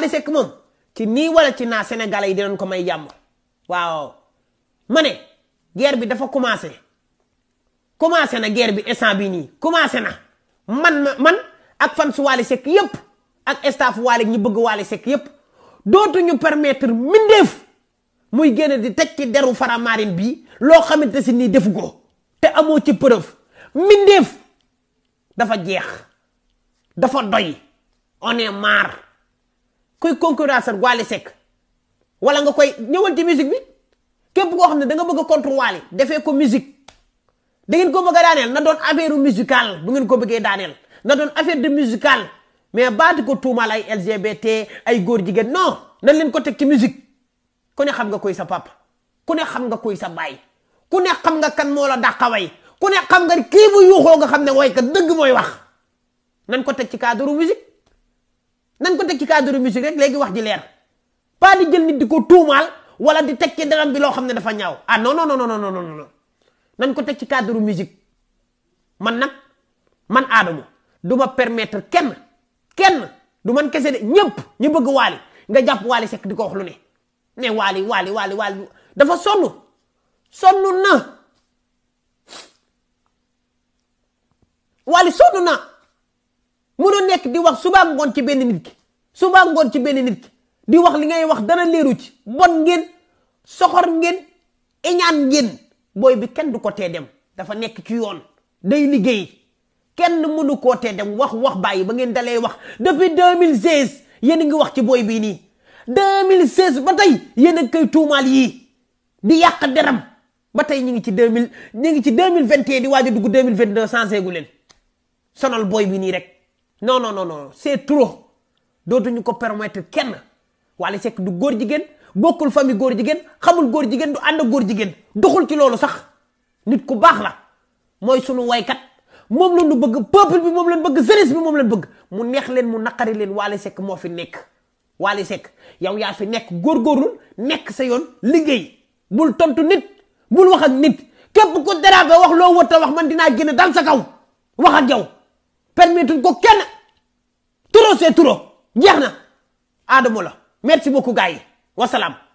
Wally Seck moom ci nii wala ci naa sénégalais yi dinañ ko may jàmm waaw ma ne guerre bi dafa commencé commencé na guerre bi instant bi nii commencé na man man ak fans Wally Seck yëpp ak staff Wally ñi bëgg Wally Seck yëpp dootuñu permettre mindeef muy génn di teg ci deru faramarin bii loo xamante si nii defu ko te amoo ci preuve mindeef dafa jeex dafa doy on est kuy concurrence ak Wally Seck wala nga koy ñëwal ci musique bi képp koo xam ne da nga bëgg a contre Wally defee ko musique da ngeen ko bëgg a daaneel na doon affaire musicale bu ngeen ko bëggee daaneel na doon affaire de musicale mais baatu ko tuumaal ay LGBT ay góor jigéen non nan leen ko teg ci musique ku ne xam nga koy sa papa ku ne xam nga koy sa baay ku ne xam nga kan moo la dàqaway ku ne xam nga kii bu yuuxoo nga xam ne woykat dëgg mooy wax nan ko teg ci cadre musique nañ ko teg ci cadre musique rek léegi wax ji leer paa di jël nit di ko tuumaal wala di teg ci daram bi loo xam ne dafa ñaaw ah non non non non ko teg ci cadre musique man nag man Adamo du ma permettre kenn kenn du man kese de ñëpp ñu bëgg waali nga jàpp waali sekk di ko wax lu ne ne waali waali waali waali dafa sonn sonn na waali sonn na nekk di wax suba ngoon ci benn nit ki suba ci benn nit di wax li ngay wax dara leeru ci bon ngeen soxor ngeen iñaan ngeen booy bi kenn du ko tee dem dafa nekk ci yoon day liggéey kenn mënu koo tee dem wax wax bàyyi ba ngeen dalee wax depuis 2016 yéen a ngi wax ci booy bii nii 2016 ba tey yéen a koy tuumaal yii di yàq deram ba tey ñu ngi ci 2000 ñu ngi ci 2021 di waaj a dugg 2022 sensé gu leen sonal booy bi nii rek. non non non non c'est trop dootuñu ko permettre kenn Wally Seck du góor jigéen bokkul famille góor jigéen xamul góor jigéen du ànd góor jigéen doxul ci loolu sax nit ku baax la mooy sunu waykat moom la ñu bëgg peuple bi moom leen bëgg jeunesse bi moom leen bëgg mu neex leen mu naqari leen Wally Seck moo fi nekk Wally Seck yow yaa fi nekk góor góorgóorlul nekk sa yoon liggéey bul tontu nit bul wax ak nit képp ku dara ba wax loo wër wax man dinaa génn dal sa kaw wax ak yow permettre ko kenn trop c'est trop jeex na Adamo la merci beaucoup gars yi wasalaam